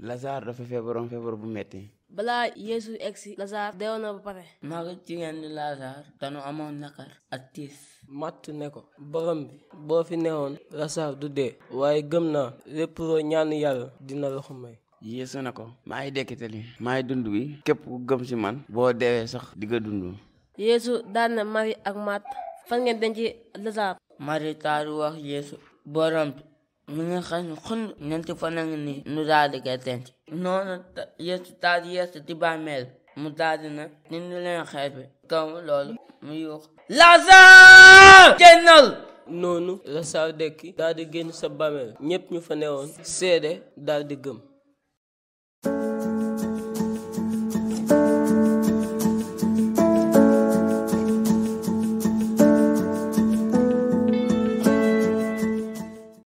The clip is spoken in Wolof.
Lazare dafa feebaroon feebar bu metti balaa Yeesu egsi Lazare deewoon na ba pare mag jigéen di Lazare danu amoon nakar ak tiis Matt ne ko borom bi boo fi newoon Lazare du dee waaye gëm naa lépp loo ñaan yàlla dina la ko may Yeesu ne ko maay dekkitali maay dund wi képp ku gëm ci man boo deewee sax di nga dund Yeesu daan na Mari ak Matt fan ngeen denc Lazare Mari taaru wax Yeesu borom bi mu ngi xañ xun ñeenti fan a ngi nu daal di noonu yeesu yeesu di bàmmeel mu daal di na dindi leen xeet bi kaw loolu mu yuux Lasaar génnal noonu la saa dekki daal génn sa bàmmeel ñépp ñu fa newoon seede daldi gëm